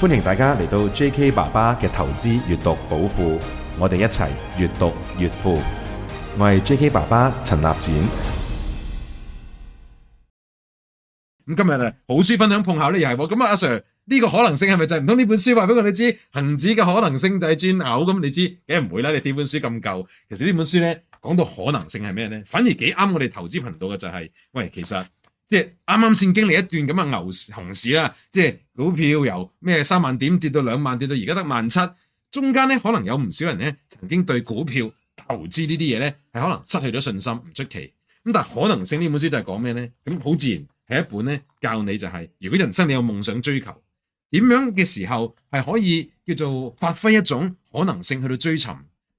歡迎大家嚟到 J.K. 爸爸嘅投資閱讀寶庫，我哋一齊閱讀越富。我係 J.K. 爸爸陳立展。咁今日啊，好書分享碰巧呢又係、哦，咁啊阿 Sir 呢個可能性係咪就係唔通呢本書話俾我哋知恒指嘅可能性就係轉口？咁你知梗係唔會啦。你呢本書咁舊，其實呢本書咧講到可能性係咩咧？反而幾啱我哋投資頻道嘅就係、是，喂，其實。即係啱啱先經歷一段咁嘅牛熊市啦，即係股票由咩三萬點跌到兩萬，跌到而家得萬七，中間咧可能有唔少人咧曾經對股票投資呢啲嘢咧係可能失去咗信心，唔出奇。咁但係可能性呢本書都係講咩咧？咁好自然係一本咧教你就係、是，如果人生你有夢想追求，點樣嘅時候係可以叫做發揮一種可能性去到追尋，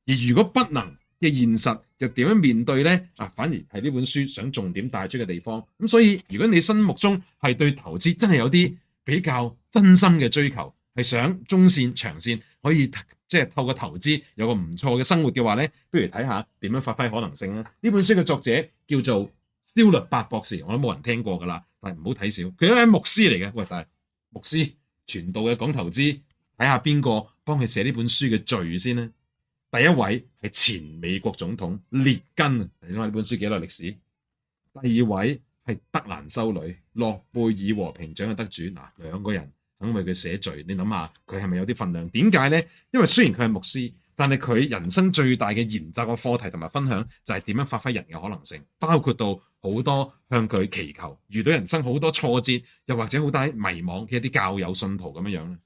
而如果不能。嘅現實又點樣面對呢？啊，反而係呢本書想重點帶出嘅地方。咁所以，如果你心目中係對投資真係有啲比較真心嘅追求，係想中線長線可以即係透過投資有個唔錯嘅生活嘅話咧，呢不如睇下點樣發揮可能性啦。呢本書嘅作者叫做肖律伯博士，我都冇人聽過㗎啦，但係唔好睇少。佢，係牧師嚟嘅。喂，但係牧師傳道嘅講投資，睇下邊個幫佢寫呢本書嘅序先呢？第一位係前美國總統列根，你諗下呢本書幾耐歷史？第二位係德蘭修女，諾貝爾和平獎嘅得主，嗱兩個人肯為佢寫序，你諗下佢係咪有啲份量？點解呢？因為雖然佢係牧師，但係佢人生最大嘅研習嘅課題同埋分享就係點樣發揮人嘅可能性，包括到好多向佢祈求、遇到人生好多挫折又或者好大迷惘嘅一啲教友信徒咁樣樣咧。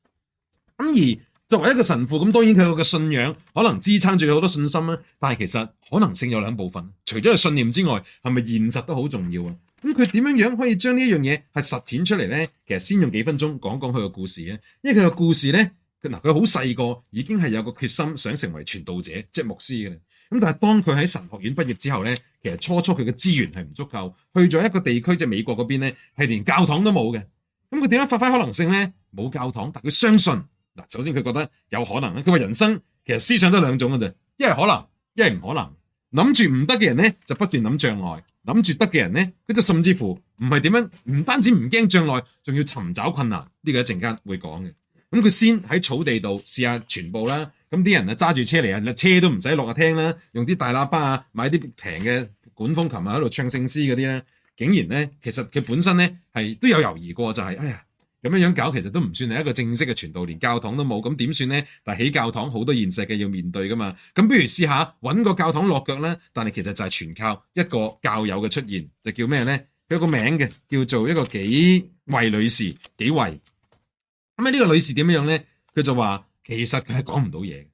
咁而作為一個神父，咁當然佢有個信仰可能支撐住佢好多信心啦。但係其實可能性有兩部分，除咗係信念之外，係咪現實都好重要啊？咁佢點樣樣可以將呢樣嘢係實踐出嚟呢？其實先用幾分鐘講講佢個故事啊！因為佢個故事呢，嗱佢好細個已經係有個決心想成為傳道者，即係牧師嘅啦。咁但係當佢喺神學院畢業之後呢，其實初初佢嘅資源係唔足夠，去咗一個地區即係美國嗰邊呢，係連教堂都冇嘅。咁佢點樣發揮可能性呢？冇教堂，但佢相信。嗱，首先佢覺得有可能咧，佢話人生其實思想都兩種嘅啫，一係可能，一係唔可能。諗住唔得嘅人咧，就不斷諗障礙；諗住得嘅人咧，佢就甚至乎唔係點樣，唔單止唔驚障礙，仲要尋找困難。呢個一陣間會講嘅。咁佢先喺草地度試下全部啦。咁啲人啊揸住車嚟啊，車都唔使落下廳啦，用啲大喇叭啊，買啲平嘅管風琴啊喺度唱聖詩嗰啲咧，竟然咧，其實佢本身咧係都有猶疑過，就係哎呀。咁樣樣搞其實都唔算係一個正式嘅傳道，連教堂都冇，咁點算咧？但係起教堂好多現實嘅要面對噶嘛，咁不如試下揾個教堂落腳咧。但係其實就係全靠一個教友嘅出現，就叫咩咧？佢有個名嘅叫做一個幾位女士，幾位。咁呢個女士點樣樣咧？佢就話其實佢係講唔到嘢，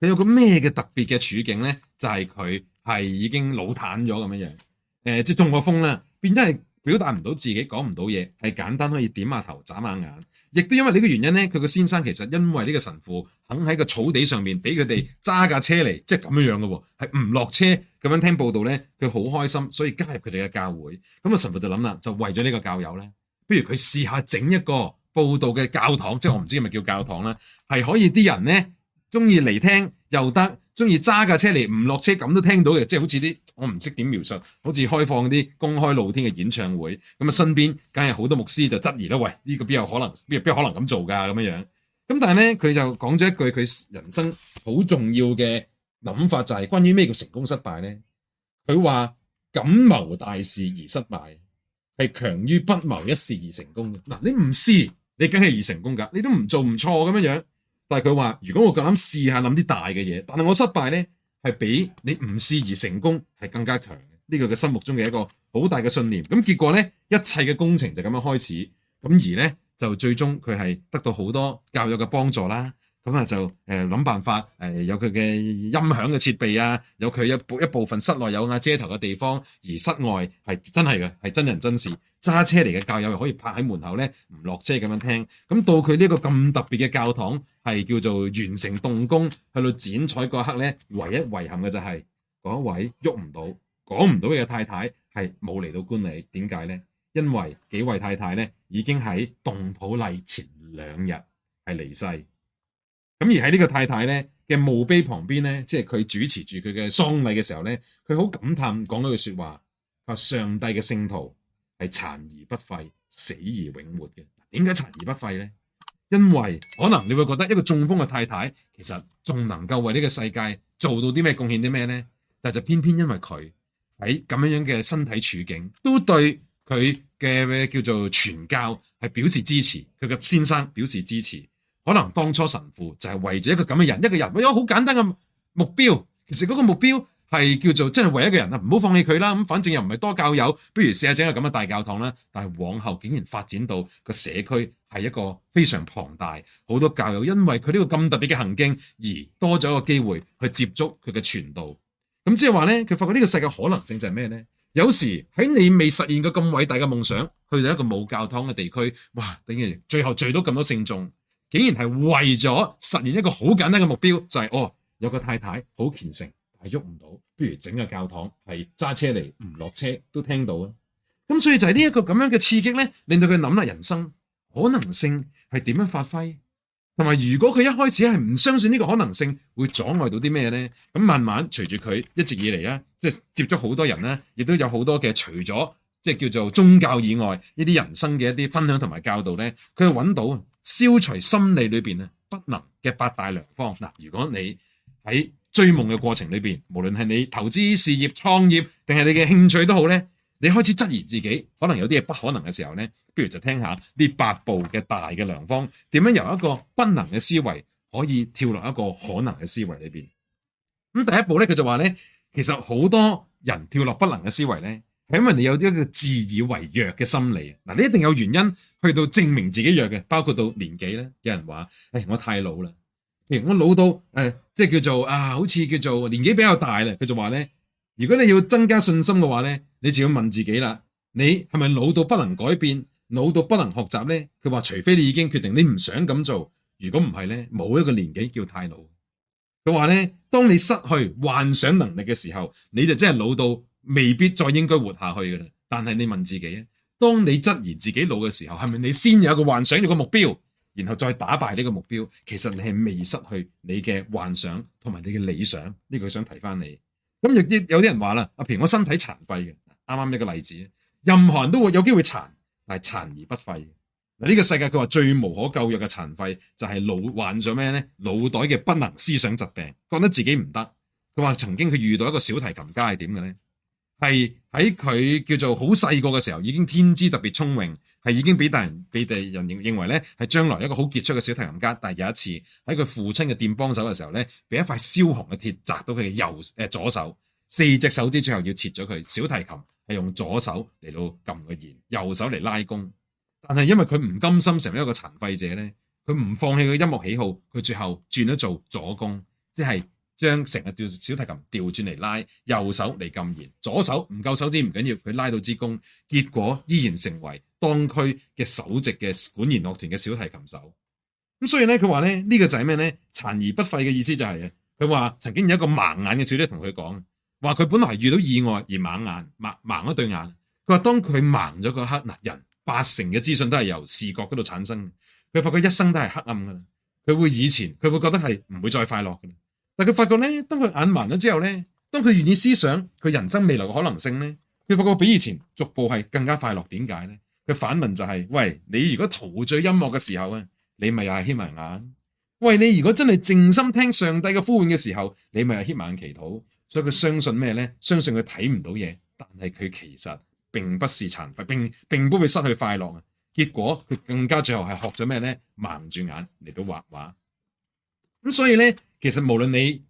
佢有個咩嘅特別嘅處境咧？就係佢係已經腦癱咗咁樣樣，誒、呃、即中過風啦，變咗係。表達唔到自己講唔到嘢，係簡單可以點下頭眨下眼，亦都因為呢個原因呢，佢個先生其實因為呢個神父肯喺個草地上面俾佢哋揸架車嚟，即係咁樣樣噶喎，係唔落車咁樣聽報道呢，佢好開心，所以加入佢哋嘅教會。咁啊神父就諗啦，就為咗呢個教友呢，不如佢試下整一個報道嘅教堂，即係我唔知係咪叫教堂啦，係可以啲人呢中意嚟聽又得。中意揸架車嚟唔落車咁都聽到嘅，即係好似啲我唔識點描述，好似開放啲公開露天嘅演唱會咁啊，身邊梗係好多牧師就質疑啦，喂呢個邊有可能，邊有可能咁做㗎咁樣樣。咁但係咧，佢就講咗一句佢人生好重要嘅諗法，就係關於咩叫成功失敗咧，佢話敢謀大事而失敗，係強於不謀一事而成功嘅。嗱，你唔試，你梗係而成功㗎，你都唔做唔錯咁樣樣。但係佢話如果我敢試下諗啲大嘅嘢，但係我失敗呢係比你唔試而成功係更加強嘅。呢、呢個嘅心目中嘅一個好大嘅信念。咁結果呢，一切嘅工程就咁樣開始，咁而呢，就最終佢係得到好多教育嘅幫助啦。咁啊就誒諗辦法誒、呃、有佢嘅音響嘅設備啊，有佢一部一部分室內有瓦遮頭嘅地方，而室外係真係嘅係真人真事，揸車嚟嘅教友又可以泊喺門口咧，唔落車咁樣聽。咁到佢呢個咁特別嘅教堂係叫做完成動工，去到剪彩嗰刻咧，唯一遺憾嘅就係、是、嗰位喐唔到，講唔到嘅太太係冇嚟到觀禮。點解咧？因為幾位太太咧已經喺動土禮前兩日係離世。咁而喺呢個太太咧嘅墓碑旁邊咧，即係佢主持住佢嘅喪禮嘅時候咧，佢好感嘆講咗句說話，話上帝嘅聖徒係殘而不廢，死而永活嘅。點解殘而不廢咧？因為可能你會覺得一個中風嘅太太，其實仲能夠為呢個世界做到啲咩貢獻啲咩咧？但係就偏偏因為佢喺咁樣樣嘅身體處境，都對佢嘅叫做傳教係表示支持，佢嘅先生表示支持。可能當初神父就係為咗一個咁嘅人，一個人，為咗，好簡單嘅目標。其實嗰個目標係叫做真係為一個人啦，唔好放棄佢啦。咁反正又唔係多教友，不如試下整一個咁嘅大教堂啦。但係往後竟然發展到個社區係一個非常龐大，好多教友因為佢呢個咁特別嘅行徑而多咗一個機會去接觸佢嘅傳道。咁即係話呢，佢發覺呢個世界可能性就係咩呢？有時喺你未實現過咁偉大嘅夢想，去到一個冇教堂嘅地區，哇，等於最後聚到咁多聖眾。竟然係為咗實現一個好簡單嘅目標，就係哦，有個太太好虔誠，係喐唔到，不如整個教堂係揸車嚟，唔落車都聽到啊！咁所以就係呢一個咁樣嘅刺激咧，令到佢諗下，人生可能性係點樣發揮，同埋如果佢一開始係唔相信呢個可能性，會阻礙到啲咩咧？咁慢慢隨住佢一直以嚟咧，即係接觸好多人咧，亦都有好多嘅除咗即係叫做宗教以外呢啲人生嘅一啲分享同埋教導咧，佢去揾到。消除心理裏邊呢不能嘅八大良方嗱，如果你喺追夢嘅過程裏邊，無論係你投資事業、創業，定係你嘅興趣都好呢，你開始質疑自己，可能有啲嘢不可能嘅時候呢，不如就聽下呢八步嘅大嘅良方，點樣由一個不能嘅思維可以跳落一個可能嘅思維裏邊。咁，嗯，第一步呢，佢就話呢，其實好多人跳落不能嘅思維呢。係因為你有一個自以為弱嘅心理啊！嗱，你一定有原因去到證明自己弱嘅，包括到年紀咧。有人話：誒、哎，我太老啦，譬如我老到誒、哎，即係叫做啊，好似叫做年紀比較大啦。佢就話咧：如果你要增加信心嘅話咧，你就要問自己啦，你係咪老到不能改變、老到不能學習咧？佢話：除非你已經決定你唔想咁做，如果唔係咧，冇一個年紀叫太老。佢話咧：當你失去幻想能力嘅時候，你就真係老到未必再應該活下去噶啦，但係你問自己，當你質疑自己老嘅時候，係咪你先有一個幻想一個目標，然後再打敗呢個目標？其實你係未失去你嘅幻想同埋你嘅理想。呢、呢個想提翻你。咁亦啲有啲人話啦，譬如我身體殘廢嘅，啱啱一個例子，任何人都會有機會殘，但係殘而不廢。嗱、呢、呢個世界佢話最無可救藥嘅殘廢就係腦患咗咩咧？腦袋嘅不能思想疾病，覺得自己唔得。佢話曾經佢遇到一個小提琴家係點嘅咧？係喺佢叫做好細個嘅時候，已經天資特別聰明，係已經俾大人、俾第人認認為咧，係將來一個好傑出嘅小提琴家。但係有一次喺佢父親嘅店幫手嘅時候咧，俾一塊燒紅嘅鐵砸到佢嘅右誒、呃、左手，四隻手指最後要切咗佢。小提琴係用左手嚟到撳個弦，右手嚟拉弓。但係因為佢唔甘心成為一個殘廢者咧，佢唔放棄佢音樂喜好，佢最後轉咗做左弓，即係。將成日調小提琴調轉嚟拉，右手嚟撳弦，左手唔夠手指唔緊要，佢拉到支弓，結果依然成為當區嘅首席嘅管弦樂團嘅小提琴手。咁所以咧，佢話咧呢個就係咩咧？殘而不廢嘅意思就係佢話曾經有一個盲眼嘅小姐同佢講，話佢本來遇到意外而盲眼，盲盲咗對眼。佢話當佢盲咗嗰刻，人八成嘅資訊都係由視覺嗰度產生。佢發覺一生都係黑暗噶啦，佢會以前佢會覺得係唔會再快樂但佢發覺咧，當佢眼盲咗之後咧，當佢願意思想佢人生未來嘅可能性咧，佢發覺比以前逐步係更加快樂。點解咧？佢反問就係、是，喂，你如果陶醉音樂嘅時候啊，你咪又係掀埋眼，喂，你如果真係靜心聽上帝嘅呼喚嘅時候，你咪係掀埋眼祈禱。所以佢相信咩咧？相信佢睇唔到嘢，但係佢其實並不是殘廢，並並不會失去快樂啊。結果佢更加最後係學咗咩咧？盲住眼嚟到畫畫。咁所以咧，其實無論你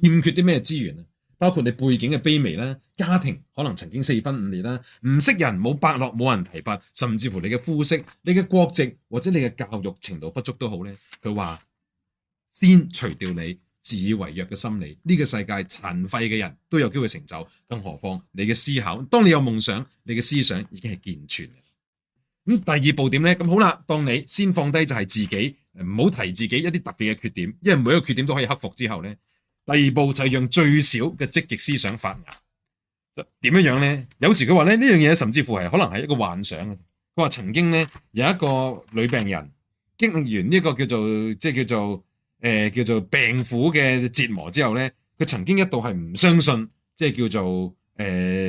欠缺啲咩資源啊，包括你背景嘅卑微啦，家庭可能曾經四分五裂啦，唔識人，冇伯樂，冇人提拔，甚至乎你嘅膚色、你嘅國籍或者你嘅教育程度不足都好咧。佢話先除掉你自以為弱嘅心理，呢個世界殘廢嘅人都有機會成就，更何況你嘅思考。當你有夢想，你嘅思想已經係健全嘅。嗯、咁第二步點咧？咁好啦，當你先放低就係自己。唔好提自己一啲特別嘅缺點，因為每一個缺點都可以克服之後咧，第二步就係用最少嘅積極思想發芽。點樣樣咧？有時佢話咧，呢樣嘢甚至乎係可能係一個幻想。佢話曾經咧，有一個女病人經歷完呢個叫做即係叫做誒、呃、叫做病苦嘅折磨之後咧，佢曾經一度係唔相信即係叫做誒、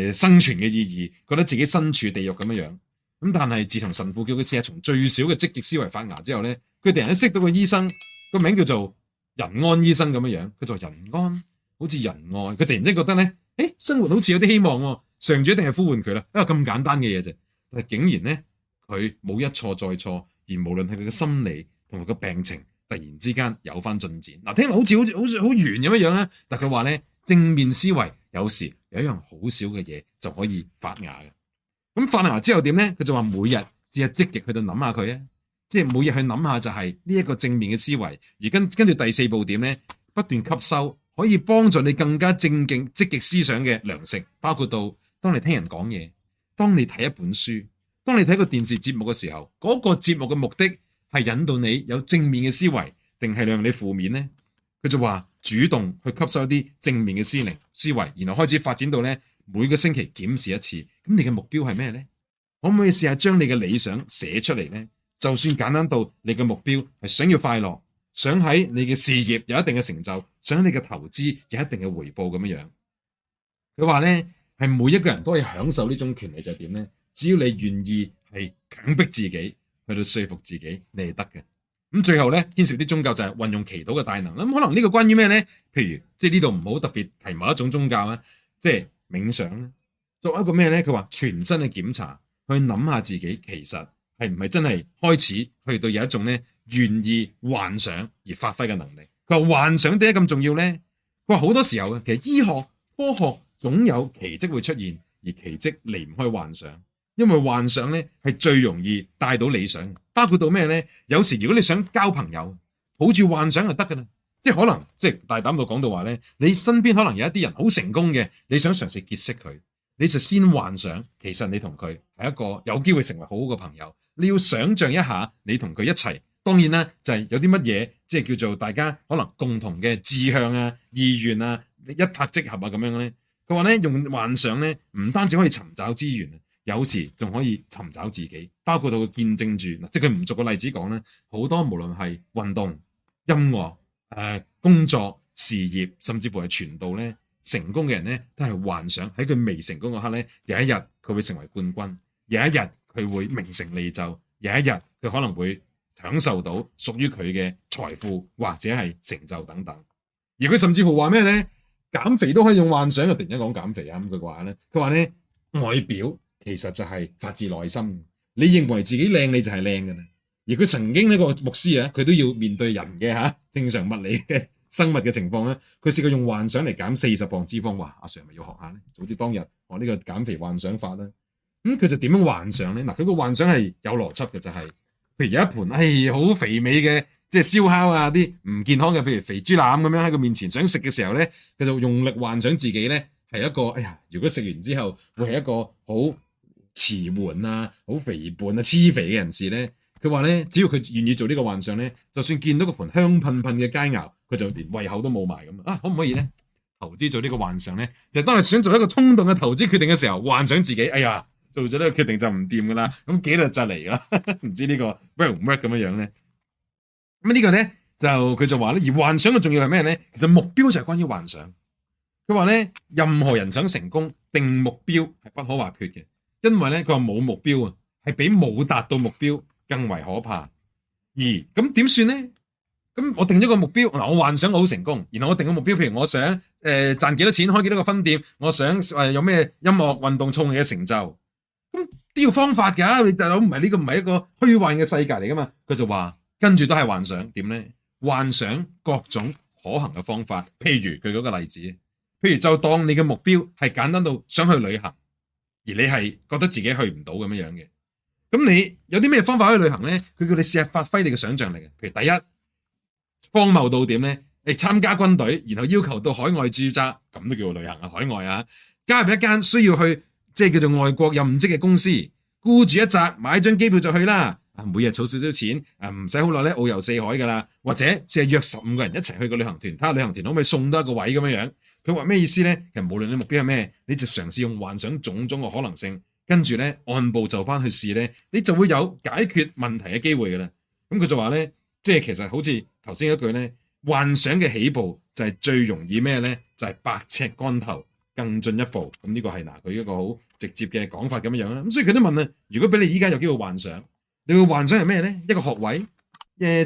呃、生存嘅意義，覺得自己身處地獄咁樣樣。咁但係自從神父叫佢試下從最少嘅積極思維發芽之後咧。佢突然間識到個醫生，個名叫做仁安醫生咁樣樣。佢就仁安，好似仁愛。佢突然之間覺得咧，誒、欸、生活好似有啲希望喎。上主一定係呼喚佢啦，因為咁簡單嘅嘢啫。但係竟然咧，佢冇一錯再錯，而無論係佢嘅心理同埋佢嘅病情，突然之間有翻進展。嗱，聽落好似好似好似好圓咁樣咧。但佢話咧，正面思維有時有一樣好少嘅嘢就可以發芽嘅。咁發芽之後點咧？佢就話每日試下積極去到諗下佢啊。即係每日去諗下，就係呢一個正面嘅思維。而跟跟住第四步點呢？不斷吸收，可以幫助你更加正經積極思想嘅糧食。包括到當你聽人講嘢，當你睇一本書，當你睇個電視節目嘅時候，嗰個節目嘅目的係引導你有正面嘅思維，定係讓你負面呢？佢就話主動去吸收一啲正面嘅思維，思維，然後開始發展到呢，每個星期檢視一次。咁你嘅目標係咩呢？可唔可以試下將你嘅理想寫出嚟呢？就算簡單到你嘅目標係想要快樂，想喺你嘅事業有一定嘅成就，想你嘅投資有一定嘅回報咁樣樣，佢話咧係每一個人都可以享受呢種權利，就係點咧？只要你願意係強迫自己去到説服自己，你係得嘅。咁、嗯、最後咧，牽涉啲宗教就係運用祈禱嘅大能。咁、嗯、可能呢個關於咩咧？譬如即係呢度唔好特別提某一種宗教啦，即係冥想啦，作為一個咩咧？佢話全身嘅檢查，去諗下自己其實。係唔係真係開始去到有一種咧願意幻想而發揮嘅能力？佢話幻想點解咁重要呢？佢話好多時候啊，其實醫學科學總有奇蹟會出現，而奇蹟離唔開幻想，因為幻想呢係最容易帶到理想。包括到咩呢？有時如果你想交朋友，抱住幻想就得噶啦。即係可能即係大膽到講到話呢：「你身邊可能有一啲人好成功嘅，你想嘗試結識佢，你就先幻想。」其實你同佢係一個有機會成為好好嘅朋友。你要想象一下，你同佢一齊，當然啦，就係、是、有啲乜嘢，即係叫做大家可能共同嘅志向啊、意願啊，一拍即合啊咁樣咧。佢話咧用幻想咧，唔單止可以尋找資源啊，有時仲可以尋找自己，包括到佢見證住嗱，即係佢唔做個例子講咧，好多無論係運動、音樂、誒、呃、工作、事業，甚至乎係傳道咧成功嘅人咧，都係幻想喺佢未成功嗰刻咧，有一日佢會成為冠軍，有一日。佢會名成利就，有一日佢可能會享受到屬於佢嘅財富或者係成就等等。而佢甚至乎話咩呢？「減肥都可以用幻想，又突然間講減肥啊！咁佢話呢，佢話呢，外表其實就係發自內心。你認為自己靚，你就係靚嘅啦。而佢曾經呢個牧師啊，佢都要面對人嘅、啊、正常物理嘅生物嘅情況呢。佢試過用幻想嚟減四十磅脂肪。話阿 Sir 咪要學下呢？早知當日我呢個減肥幻想法呢。咁佢，嗯、就點樣幻想咧？嗱，佢個幻想係有邏輯嘅，就係、是，譬如有一盤係好，哎、肥美嘅，即係燒烤啊啲唔健康嘅，譬如肥豬腩咁樣喺佢面前，想食嘅時候咧，佢就用力幻想自己咧係一個，哎呀，如果食完之後會係一個好遲緩啊、好肥胖啊、黐肥嘅人士咧，佢話咧，只要佢願意做呢個幻想咧，就算見到個盤香噴噴嘅佳餚，佢就連胃口都冇埋咁啊，可唔可以咧？投資做呢個幻想咧，就當你想做一個衝動嘅投資決定嘅時候，幻想自己，哎呀！做咗呢個決定就唔掂噶啦，咁幾日就嚟咯，唔知呢個 work 唔 work 咁樣樣咧？咁啊呢個咧就佢就話咧，而幻想嘅重要係咩咧？其實目標就係關於幻想。佢話咧，任何人想成功，定目標係不可或缺嘅，因為咧佢話冇目標啊，係比冇達到目標更為可怕。而咁點算咧？咁我定咗個目標嗱，我幻想我好成功，然後我定個目標，譬如我想誒賺幾多錢，開幾多個分店，我想誒、呃、有咩音樂運動創起嘅成就。都要方法㗎，你大佬，唔係呢個唔係一個虛幻嘅世界嚟噶嘛？佢就話，跟住都係幻想點咧？幻想各種可行嘅方法，譬如佢嗰個例子，譬如就當你嘅目標係簡單到想去旅行，而你係覺得自己去唔到咁樣樣嘅，咁你有啲咩方法去旅行咧？佢叫你試下發揮你嘅想象力嘅，譬如第一荒謬到點咧？你參加軍隊，然後要求到海外駐紮，咁都叫做旅行啊，海外啊，加入一間需要去。即係叫做外國任職嘅公司，顧住一扎買一張機票就去啦。啊，每日儲少少錢，啊唔使好耐咧，遨遊四海噶啦。或者只係約十五個人一齊去個旅行團，睇下旅行團可唔可以送多一個位咁樣樣。佢話咩意思咧？其實無論你目標係咩，你就嘗試用幻想種種嘅可能性，跟住咧按部就翻去試咧，你就會有解決問題嘅機會噶啦。咁佢就話咧，即係其實好似頭先一句咧，幻想嘅起步就係最容易咩咧？就係百尺竿頭。更進一步，咁呢個係嗱佢一個好直接嘅講法咁樣樣啦。咁所以佢都問啦，如果俾你依家有機會幻想，你會幻想係咩呢？一個學位，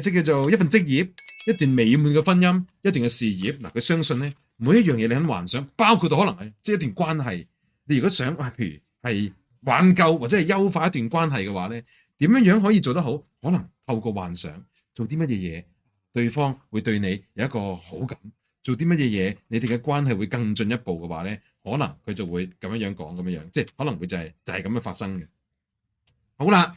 即叫做一份職業，一段美滿嘅婚姻，一段嘅事業。嗱，佢相信呢，每一樣嘢你肯幻想，包括到可能係即係一段關係。你如果想啊，譬如係挽救或者係優化一段關係嘅話呢，點樣樣可以做得好？可能透過幻想做啲乜嘢嘢，對方會對你有一個好感。做啲乜嘢嘢，你哋嘅關係會更進一步嘅話咧，可能佢就會咁樣樣講，咁樣樣，即係可能佢就係、是、就係、是、咁樣發生嘅。好啦，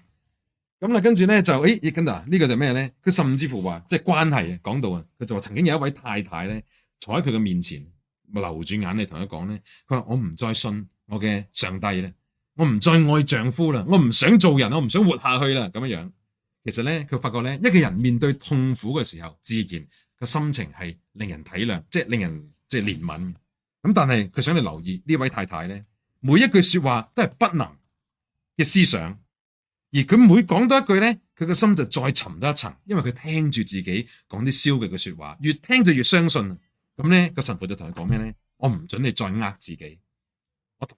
咁啦，跟住咧就誒，亦跟啊，這個、是什麼呢個就咩咧？佢甚至乎話即係關係啊，講到啊，佢就話曾經有一位太太咧坐喺佢嘅面前，流住眼淚同佢講咧，佢話我唔再信我嘅上帝咧，我唔再愛丈夫啦，我唔想做人，我唔想活下去啦，咁樣樣。其實咧，佢發覺咧，一個人面對痛苦嘅時候，自然。個心情係令人體諒，即係令人即係憐憫。咁但係佢想你留意呢位太太咧，每一句說話都係不能嘅思想，而佢每講多一句咧，佢個心就再沉多一層，因為佢聽住自己講啲消極嘅說話，越聽就越相信。咁咧個神父就同佢講咩咧？我唔准你再呃自己。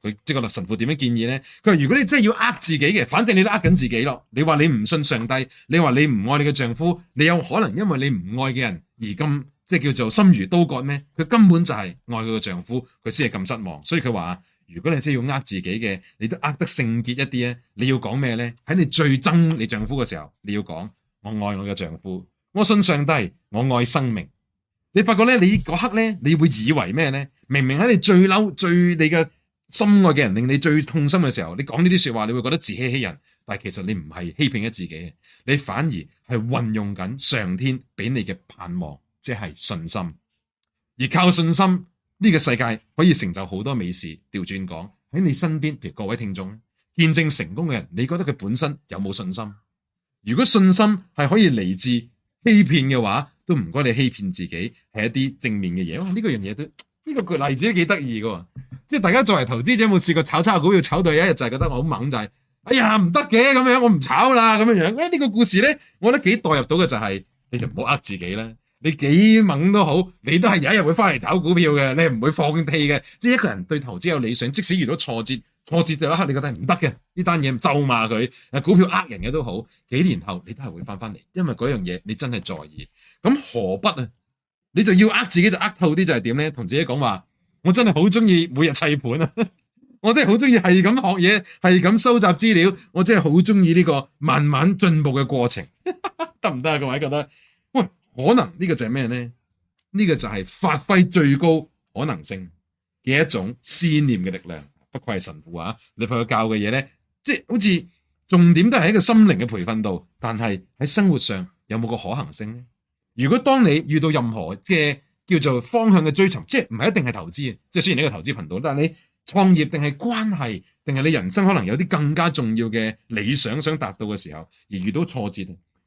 佢即係個神父點樣建議呢？佢話如果你真係要呃自己嘅，反正你都呃緊自己咯。你話你唔信上帝，你話你唔愛你嘅丈夫，你有可能因為你唔愛嘅人而咁即係叫做心如刀割咩？佢根本就係愛佢嘅丈夫，佢先係咁失望。所以佢話如果你真係要呃自己嘅，你都呃得聖潔一啲啊！你要講咩呢？喺你最憎你丈夫嘅時候，你要講我愛我嘅丈夫，我信上帝，我愛生命。你發覺呢？你嗰刻呢，你會以為咩呢？明明喺你最嬲、最你嘅。心愛嘅人令你最痛心嘅時候，你講呢啲說話，你會覺得自欺欺人。但其實你唔係欺騙咗自己，你反而係運用緊上天俾你嘅盼望，即係信心。而靠信心呢個世界可以成就好多美事。調轉講，喺你身邊，譬如各位聽眾見證成功嘅人，你覺得佢本身有冇信心？如果信心係可以嚟自欺騙嘅話，都唔該你欺騙自己，係一啲正面嘅嘢。呢個樣嘢都。呢個舉例子都幾得意嘅，即係大家作為投資者，有冇試過炒炒股票？炒到有一日就係覺得我好猛仔，就是，哎呀唔得嘅咁樣，我唔炒啦，咁樣樣。誒、這、呢個故事咧，我覺得幾代入到嘅就係、是，你就唔好呃自己啦。你幾猛都好，你都係有一日會翻嚟炒股票嘅，你唔會放棄嘅。即、就、係、是、一個人對投資有理想，即使遇到挫折，挫折就一刻你覺得唔得嘅，呢單嘢，咒罵佢誒，股票呃人嘅都好，幾年後你都係會翻翻嚟，因為嗰樣嘢你真係在意。咁何不啊？你就要呃自己就呃透啲就係點咧？同自己講話，我真係好中意每日砌盤啊！ 我真係好中意係咁學嘢，係咁收集資料，我真係好中意呢個慢慢進步嘅過程，得唔得啊？各位覺得？喂，可能呢個就係咩咧？呢、這個就係發揮最高可能性嘅一種思念嘅力量。不愧係神父啊！你去教嘅嘢咧，即、就、係、是、好似重點都係喺個心靈嘅培訓度，但係喺生活上有冇個可行性咧？如果當你遇到任何嘅叫做方向嘅追尋，即係唔係一定係投資啊？即係雖然呢個投資頻道，但係你創業定係關係定係你人生可能有啲更加重要嘅理想想達到嘅時候，而遇到挫折，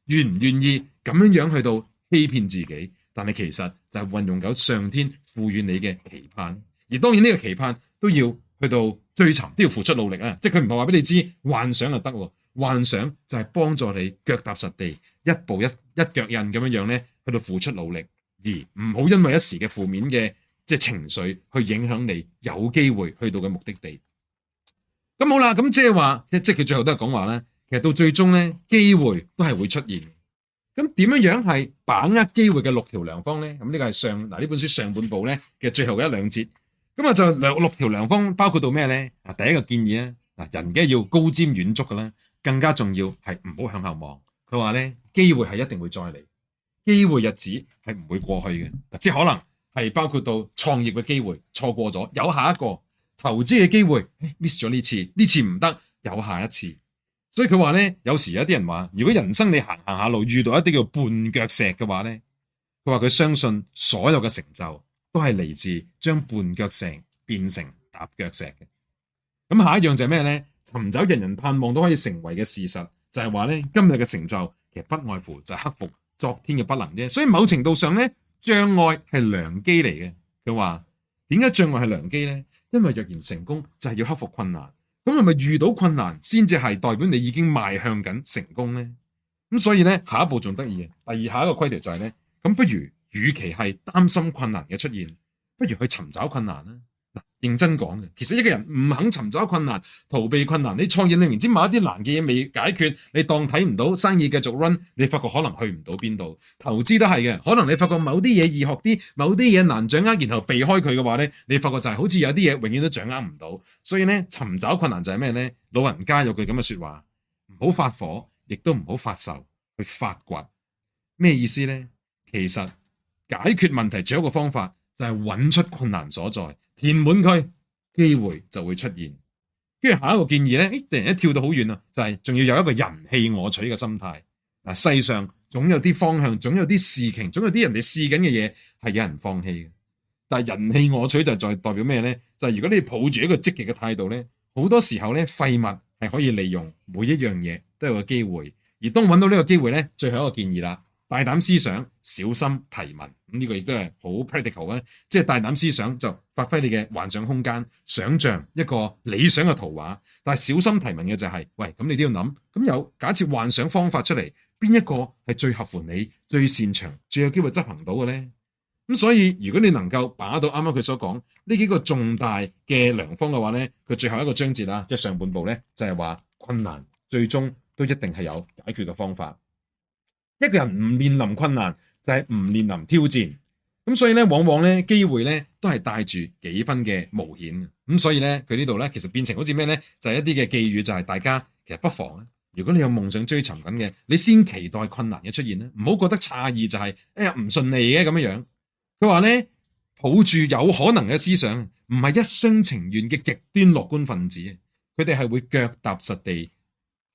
願唔願意咁樣樣去到欺騙自己？但係其實就係運用咗上天賦予你嘅期盼。而當然呢個期盼都要去到追尋，都要付出努力啊！即係佢唔係話俾你知幻想就得喎，幻想就係幫助你腳踏實地，一步一一腳印咁樣樣呢。咧。佢喺度付出努力，而唔好因為一時嘅負面嘅即係情緒，去影響你有機會去到嘅目的地。咁好啦，咁即係話即係佢最後都係講話咧。其實到最終咧，機會都係會出現。咁點樣樣係把握機會嘅六條良方咧？咁呢個係上嗱呢本書上半部咧嘅最後嘅一兩節。咁啊就六六條良方包括到咩咧？啊，第一個建議咧，嗱，人家要高瞻遠矚㗎啦，更加重要係唔好向後望。佢話咧，機會係一定會再嚟。機會日子係唔會過去嘅，即可能係包括到創業嘅機會錯過咗，有下一個投資嘅機會、哎、miss 咗呢次，呢次唔得，有下一次。所以佢話呢，有時有啲人話，如果人生你行行下路遇到一啲叫絆腳石嘅話呢，佢話佢相信所有嘅成就都係嚟自將絆腳石變成踏腳石嘅。咁下一樣就係咩呢？尋找人人盼望都可以成為嘅事實，就係、是、話呢，今日嘅成就其實不外乎就係克服。昨天嘅不能啫，所以某程度上咧，障礙係良機嚟嘅。佢話點解障礙係良機呢？因為若然成功就係要克服困難，咁係咪遇到困難先至係代表你已經邁向緊成功呢？咁所以咧，下一步仲得意嘅。第二下一個規條就係咧，咁不如與其係擔心困難嘅出現，不如去尋找困難啦。認真講嘅，其實一個人唔肯尋找困難、逃避困難，你創業你明知某一啲難嘅嘢未解決，你當睇唔到生意繼續 run，你發覺可能去唔到邊度。投資都係嘅，可能你發覺某啲嘢易學啲，某啲嘢難掌握，然後避開佢嘅話呢，你發覺就係好似有啲嘢永遠都掌握唔到。所以呢，尋找困難就係咩呢？老人家有句咁嘅說話，唔好發火，亦都唔好發愁，去發掘，咩意思呢？其實解決問題仲有一個方法。就係揾出困難所在，填滿佢，機會就會出現。跟住下一個建議咧，誒，突然一跳到好遠啦、啊，就係、是、仲要有一個人棄我取嘅心態。啊，世上總有啲方向，總有啲事情，總有啲人哋試緊嘅嘢係有人放棄嘅。但係人棄我取就代表咩咧？就係、是、如果你抱住一個積極嘅態度咧，好多時候咧廢物係可以利用，每一樣嘢都有個機會。而當揾到呢個機會咧，最後一個建議啦。大膽思想，小心提問，呢個亦都係好 practical，即係大膽思想就發揮你嘅幻想空間，想像一個理想嘅圖畫。但係小心提問嘅就係，喂，咁你都要諗，咁有假設幻想方法出嚟，邊一個係最合乎你、最擅長、最有機會執行到嘅呢？咁所以如果你能夠把握到啱啱佢所講呢幾個重大嘅良方嘅話呢，佢最後一個章節啦，即係上半部呢，就係話困難最終都一定係有解決嘅方法。一個人唔面臨困難，就係唔面臨挑戰。咁所以咧，往往咧機會咧都係帶住幾分嘅冒險。咁所以咧，佢呢度咧其實變成好似咩咧，就係一啲嘅寄語，就係大家其實不妨，如果你有夢想追尋緊嘅，你先期待困難嘅出現啦，唔好覺得詫異就係哎呀，唔順利嘅咁樣樣。佢話咧，抱住有可能嘅思想，唔係一廂情願嘅極端樂觀分子，佢哋係會腳踏實地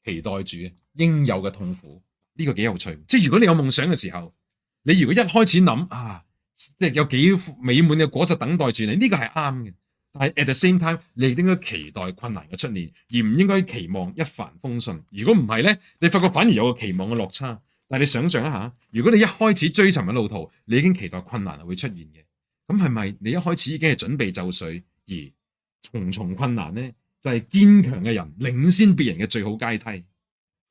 期待住應有嘅痛苦。呢個幾有趣，即係如果你有夢想嘅時候，你如果一開始諗啊，即係有幾美滿嘅果實等待住你，呢個係啱嘅。但係 at the same time，你應該期待困難嘅出現，而唔應該期望一帆風順。如果唔係呢，你發覺反而有個期望嘅落差。但係你想象一下，如果你一開始追尋嘅路途，你已經期待困難會出現嘅，咁係咪你一開始已經係準備就緒，而重重困難呢，就係堅強嘅人領先別人嘅最好階梯？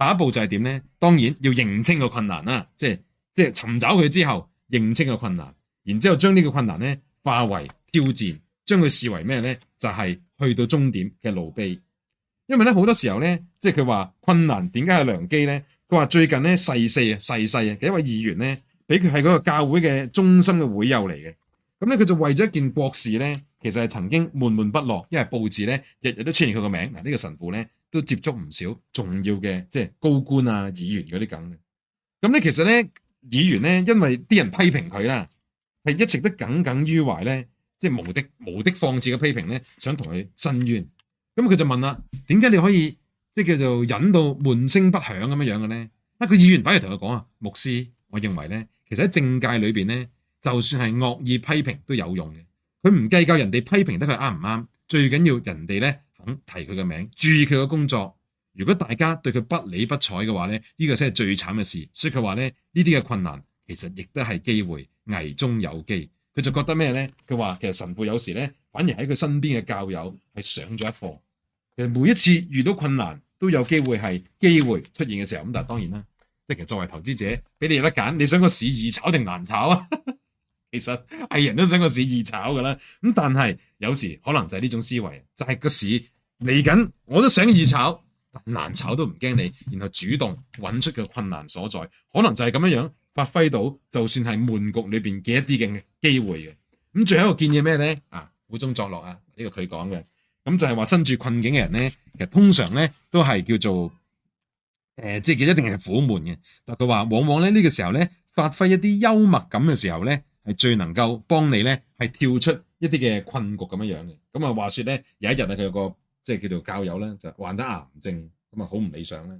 下一步就係點咧？當然要認清個困難啦，即係即係尋找佢之後，認清個困難，然之後將呢個困難咧化為挑戰，將佢視為咩咧？就係、是、去到終點嘅路碑。因為咧好多時候咧，即係佢話困難點解係良機？咧佢話最近咧逝世啊逝世啊，一位議員咧俾佢係嗰個教會嘅終身嘅會友嚟嘅，咁咧佢就為咗一件國事咧，其實係曾經悶悶不樂，因為報紙咧日日都出現佢個名嗱呢、這個神父咧。都接觸唔少重要嘅，即係高官啊、議員嗰啲咁。咁咧，其實咧，議員咧，因為啲人批評佢啦，係一直都耿耿於懷咧，即係無的無的放矢嘅批評咧，想同佢申冤。咁佢就問啦：點解你可以即係叫做忍到悶聲不響咁樣樣嘅咧？啊，佢議員反而同佢講啊，牧師，我認為咧，其實喺政界裏邊咧，就算係惡意批評都有用嘅。佢唔計較人哋批評得佢啱唔啱，最緊要人哋咧。提佢嘅名，注意佢嘅工作。如果大家對佢不理不睬嘅話咧，呢、呢個先係最慘嘅事。所以佢話咧，呢啲嘅困難其實亦都係機會，危中有機。佢就覺得咩咧？佢話其實神父有時咧，反而喺佢身邊嘅教友係上咗一課。其實每一次遇到困難都有機會係機會出現嘅時候。咁但係當然啦，即係作為投資者，俾你有得揀，你想個市易炒定難炒啊？ 其實係人都想個市易炒噶啦。咁但係有時可能就係呢種思維，就係、係、個市。嚟緊我都想易炒，難炒都唔驚你。然後主動揾出個困難所在，可能就係咁樣樣發揮到，就算係悶局裏面嘅一啲嘅機會嘅。咁最後一個建議咩咧？啊，苦中作樂啊，呢個佢講嘅，咁就係話身處困境嘅人咧，其實通常咧都係叫做、呃、即係佢一定係苦悶嘅。但佢話往往咧呢個時候咧，發揮一啲幽默感嘅時候咧，係最能夠幫你咧係跳出一啲嘅困局咁樣樣嘅。咁啊，話説咧有一日呢，佢有個。即係叫做教友咧，就患咗癌症，咁啊好唔理想啦。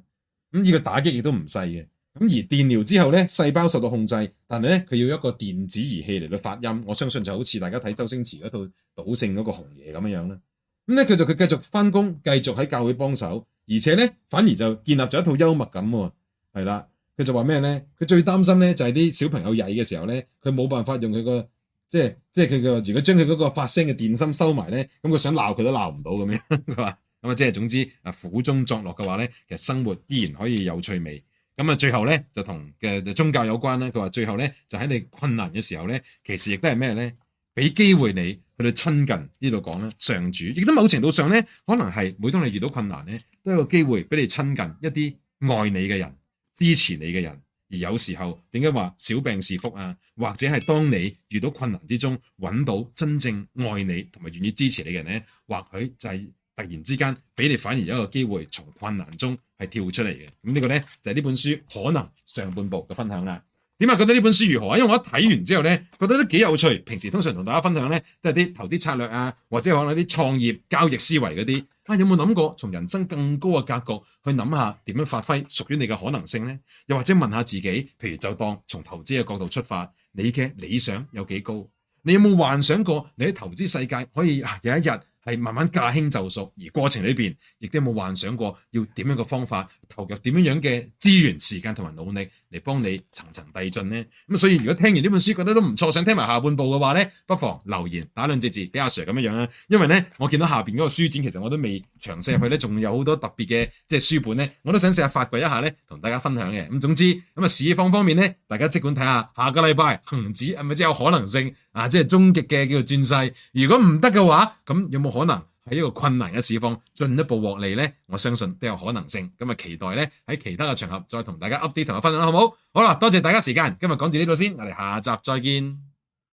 咁呢個打擊亦都唔細嘅。咁而電療之後咧，細胞受到控制，但係咧佢要一個電子儀器嚟到發音。我相信就好似大家睇周星馳嗰套《賭聖》嗰個洪爺咁樣樣咧。咁咧佢就佢繼續翻工，繼續喺教會幫手，而且咧反而就建立咗一套幽默感喎。係啦，佢就話咩咧？佢最擔心咧就係啲小朋友曳嘅時候咧，佢冇辦法用佢個。即係即係佢嘅，如果將佢嗰個發聲嘅電芯收埋咧，咁佢想鬧佢都鬧唔到咁樣，佢話咁啊，即係總之啊苦中作樂嘅話咧，其實生活依然可以有趣味。咁啊，最後咧就同嘅宗教有關啦。佢話最後咧就喺你困難嘅時候咧，其實亦都係咩咧，俾機會你去到親近呢度講呢，上主亦都某程度上咧，可能係每當你遇到困難咧，都有個機會俾你親近一啲愛你嘅人、支持你嘅人。而有時候點解話小病是福啊？或者係當你遇到困難之中揾到真正愛你同埋願意支持你嘅人呢？或許就係突然之間畀你反而有一個機會從困難中係跳出嚟嘅。這個呢個就係呢本書可能上半部嘅分享啦。點解覺得呢本書如何啊？因為我一睇完之後呢，覺得都幾有趣。平時通常同大家分享呢，都係啲投資策略啊，或者可能啲創業交易思維嗰啲。但係，啊，有冇諗過從人生更高嘅格局去諗下，點樣發揮屬於你嘅可能性呢？又或者問下自己，譬如就當從投資嘅角度出發，你嘅理想有幾高？你有冇幻想過你喺投資世界可以有一日？係慢慢駕輕就熟，而過程裏邊亦都冇幻想過要點樣嘅方法，投入點樣樣嘅資源、時間同埋努力嚟幫你層層遞進呢？咁所以如果聽完呢本書覺得都唔錯，想聽埋下半部嘅話呢，不妨留言打兩隻字俾阿 Sir 咁樣樣啦。因為呢，我見到下邊嗰個書展，其實我都未詳細入去呢，仲有好多特別嘅即係書本呢，我都想試下發掘一下呢，同大家分享嘅。咁總之咁啊，市況方面呢，大家即管睇下下個禮拜恆指係咪即有可能性啊，即係終極嘅叫做轉勢。如果唔得嘅話，咁有冇？可能喺呢個困難嘅市況進一步獲利呢，我相信都有可能性。咁啊，期待呢，喺其他嘅場合再同大家 update 同分享，好唔好？好啦，多謝大家時間，今日講住呢度先，我哋下集再見。